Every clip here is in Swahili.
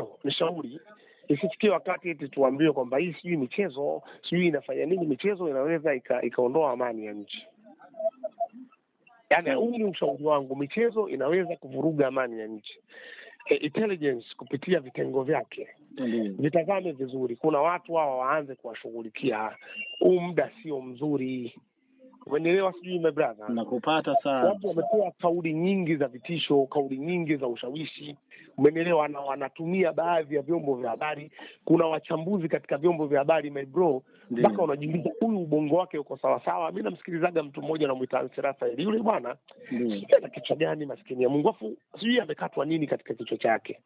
bro, shauri isifikie wakati eti tuambiwe kwamba hii sijui michezo sijui inafanya nini, michezo inaweza ikaondoa amani ya nchi. Yani huu ni ushauri wangu, michezo inaweza kuvuruga amani ya nchi. E, intelligence kupitia vitengo vyake mm-hmm. vitazame vizuri, kuna watu hawa waanze kuwashughulikia. Huu muda sio mzuri Umenielewa sijui my brother? Nakupata sana. Watu wametoa kauli nyingi za vitisho, kauli nyingi za ushawishi, umenielewa, na wanatumia baadhi ya vyombo vya habari. Kuna wachambuzi katika vyombo vya habari my bro, mpaka unajiuliza huyu ubongo wake uko sawasawa. Mi namsikilizaga mtu mmoja namwita Serafaeli, yule bwana sijui ana kichwa gani, maskini ya Mungu, afu sijui amekatwa nini katika kichwa chake.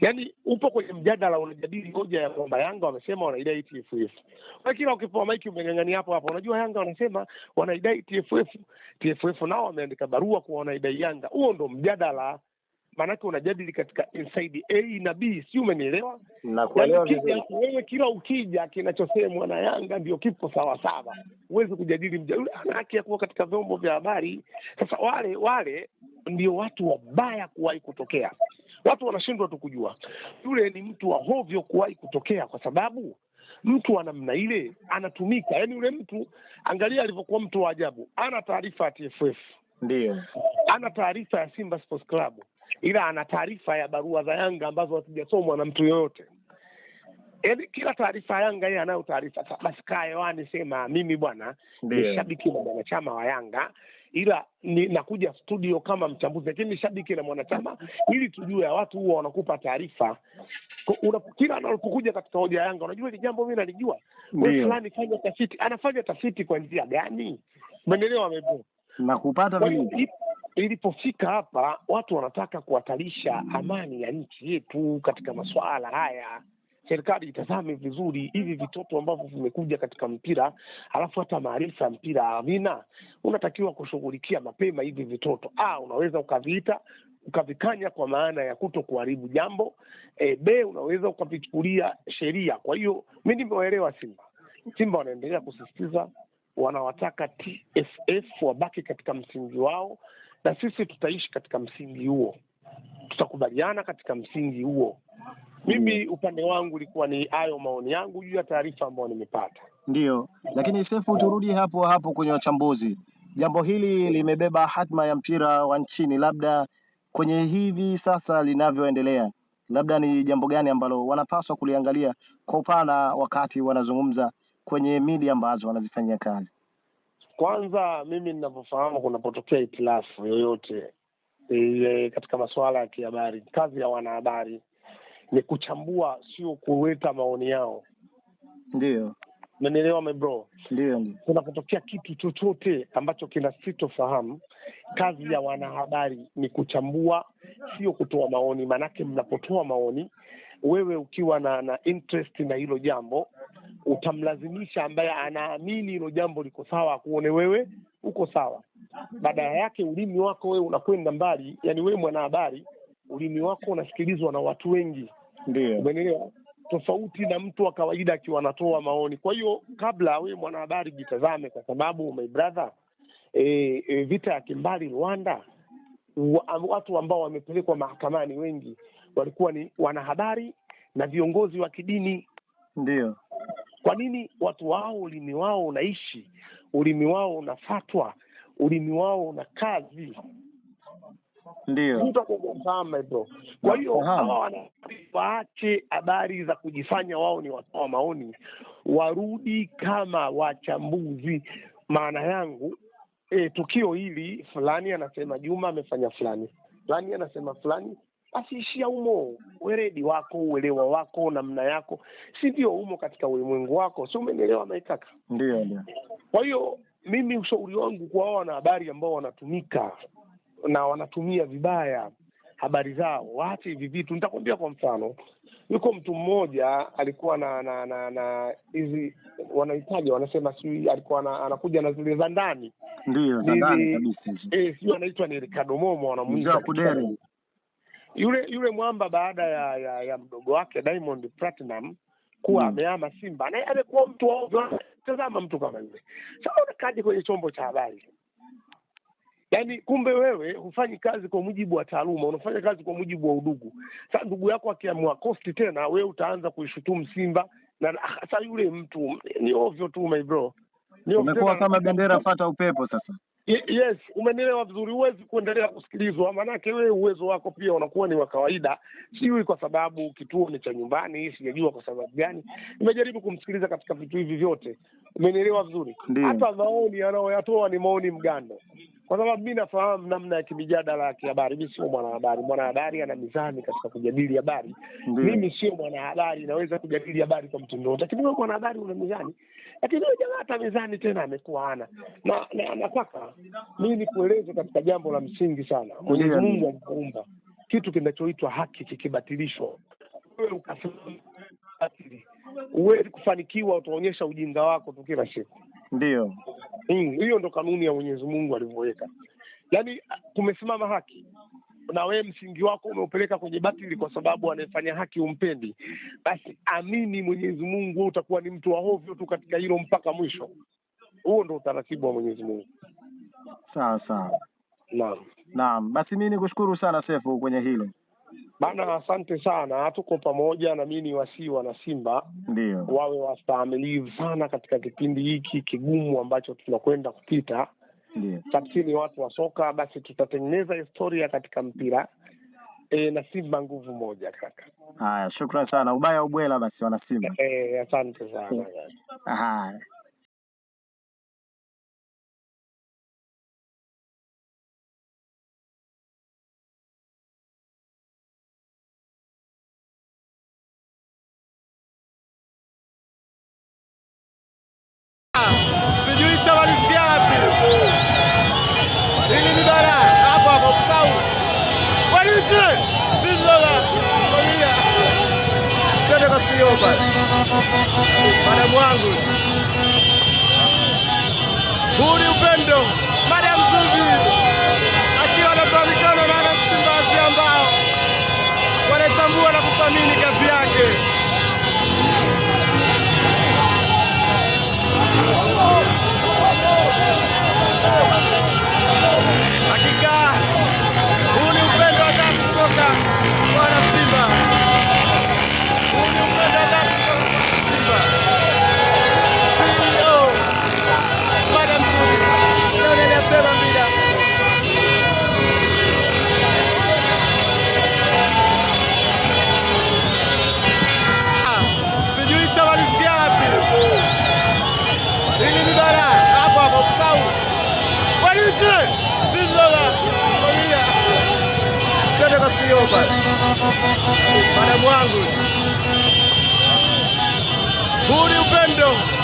Yani upo kwenye mjadala, unajadili hoja ya kwamba Yanga wamesema wanaidai TFF, kila ukipewa maiki umeng'ang'ania hapo hapo. Unajua Yanga wanasema wanaidai TFF. TFF nao wameandika barua kwa wanaidai Yanga. Huo ndo mjadala, maanake unajadili katika inside A na B, si umenielewa? Yaani yaani wewe kila ukija, kinachosemwa na Yanga ndio kipo sawasawa, huwezi kujadili mjadala. Ana haki ya kuwa katika vyombo vya habari. Sasa wale wale ndio watu wabaya kuwahi kutokea, watu wanashindwa tu kujua. Yule ni mtu wa hovyo kuwahi kutokea, kwa sababu mtu wa namna ile anatumika. yani yule mtu angalia alivyokuwa mtu wa ajabu, ana taarifa ya TFF ndio, ana taarifa ya Simba Sports Club, ila ana taarifa ya barua za Yanga ambazo hazijasomwa na mtu yoyote yaani kila taarifa Yanga yeye anayo taarifa. Basi kaa hewani, sema mimi bwana ni shabiki na mwanachama wa Yanga, ila ni, nakuja studio kama mchambuzi, lakini shabiki na mwanachama, ili tujue. Watu huwa wanakupa taarifa kila anapokuja katika hoja ya Yanga. Unajua hili jambo mimi nalijua, fulani fanya tafiti. Anafanya tafiti kwa njia gani? Umeelewa? na kupata ilipofika hapa, watu wanataka kuhatarisha amani ya nchi yetu katika masuala haya serikali itazame vizuri hivi vitoto ambavyo vimekuja katika mpira, alafu hata maarifa ya mpira havina. Unatakiwa kushughulikia mapema hivi vitoto. A, unaweza ukaviita ukavikanya kwa maana ya kuto kuharibu jambo. E, B, unaweza ukavichukulia sheria. Kwa hiyo mi nimewaelewa Simba. Simba wanaendelea kusisitiza, wanawataka TFF wabaki katika msingi wao, na sisi tutaishi katika msingi huo tutakubaliana katika msingi huo. Mimi hmm. upande wangu ulikuwa ni hayo maoni yangu juu ya taarifa ambayo nimepata. Ndiyo, lakini Sefu, turudi hapo hapo kwenye wachambuzi. Jambo hili limebeba hatma ya mpira wa nchini, labda kwenye hivi sasa linavyoendelea, labda ni jambo gani ambalo wanapaswa kuliangalia kwa upana wakati wanazungumza kwenye media ambazo wanazifanyia kazi? Kwanza mimi ninavyofahamu, kunapotokea itilafu yoyote e, katika masuala ya kihabari. Kazi ya wanahabari ni kuchambua, sio kuweka maoni yao. Ndio menelewa mebro. Ndio, kunapotokea kitu chochote ambacho kina sitofahamu, kazi ya wanahabari ni kuchambua, sio kutoa maoni. Maanake mnapotoa maoni, wewe ukiwa na na interest na hilo jambo utamlazimisha ambaye anaamini hilo jambo liko sawa akuone wewe uko sawa. Badala yake ulimi wako wewe unakwenda mbali, yani wewe mwanahabari, ulimi wako unasikilizwa na watu wengi, ndio umeelewa, tofauti na mtu wa kawaida akiwa anatoa maoni. Kwa hiyo kabla wewe mwanahabari, jitazame, kwa sababu my brother, e, e, vita ya kimbali Rwanda, watu ambao wamepelekwa mahakamani wengi walikuwa ni wanahabari na viongozi wa kidini, ndio kwa nini watu wao ulimi wao unaishi, ulimi wao unafatwa, ulimi wao una kazi? Ndio mtu hivyo. Kwa hiyo hawa wana waache habari za kujifanya wao ni watoa maoni, warudi kama wachambuzi. Maana yangu e, tukio hili fulani anasema Juma amefanya fulani fulani, anasema fulani basi ishia humo, weredi wako, uelewa wako, namna yako, si ndio? Humo katika ulimwengu wako, si umenielewa Maitaka? Ndio, ndio. Kwa hiyo mimi ushauri wangu kwa hao wanahabari ambao wanatumika na wanatumia vibaya habari zao, waache hivi vitu. Nitakwambia kwa mfano, yuko mtu mmoja alikuwa na na na na hizi wanahitaji wanasema, sijui alikuwa na, anakuja na zile za ndani, ndio za ndani kabisa, eh, sijui anaitwa ni Ricardo Momo, wanamuita yule yule mwamba baada ya ya, ya mdogo wake Diamond Platinum kuwa mm. ameama mm. Simba naye amekuwa mtu wa tazama, mtu kama yule sasa unakaje kwenye chombo cha habari? Yaani kumbe wewe hufanyi kazi kwa mujibu wa taaluma, unafanya kazi kwa mujibu wa udugu. Sasa ndugu yako akiamua kosti tena, wewe utaanza kuishutumu Simba na ah, sasa yule mtu ni ovyo tu, my bro, ni umekuwa kama bendera fata upepo sasa Yes, umenielewa vizuri. Huwezi kuendelea kusikilizwa, maanake wewe uwezo wako pia unakuwa ni wa kawaida. Sijui kwa sababu kituo ni cha nyumbani, sijajua kwa sababu gani. Nimejaribu kumsikiliza katika vitu hivi vyote, umenielewa vizuri. Hata maoni anayoyatoa ni maoni mgando, kwa sababu mi nafahamu namna ya kimijadala ya kihabari. Mi sio mwanahabari. Mwanahabari ana mizani katika kujadili habari, mimi sio mwanahabari, naweza kujadili habari kwa mtindo wote, lakini mwanahabari una mizani. Lakini huyo jamaa hata mizani tena amekuwa ana na, na nataka mi nikueleze katika jambo la msingi sana. Mwenyezi Mungu kitu kinachoitwa haki kikibatilishwa, wewe ukasema huwezi kufanikiwa, utaonyesha ujinga wako tu kila siku. Ndiyo, hiyo ndo kanuni ya Mwenyezi Mungu alivyoweka. Yaani kumesimama haki na wewe msingi wako umeupeleka kwenye batili, kwa sababu anayefanya haki umpendi, basi amini Mwenyezi Mungu, utakuwa ni mtu wa hovyo tu katika hilo mpaka mwisho. Huo ndo utaratibu wa Mwenyezi Mungu. Sawa sawa, naam naam. Basi mimi nikushukuru sana Sefu kwenye hilo. Bana, asante sana, tuko pamoja na mi ni wasii wana Simba ndio wawe wastaamilivu sana katika kipindi hiki kigumu ambacho tunakwenda kupita. Sisi ni watu wa soka, basi tutatengeneza historia katika mpira e, na Simba nguvu moja kaka. Haya, shukran sana, ubaya ubwela, basi wana Simba. E, asante sana. Haya. hiyo madam wangu buri upendo madam Zuvi akiwa anatoa mikono na Wanasimba ambao wanatambua na kuthamini kazi yake. sio basi, mwanangu buri upendo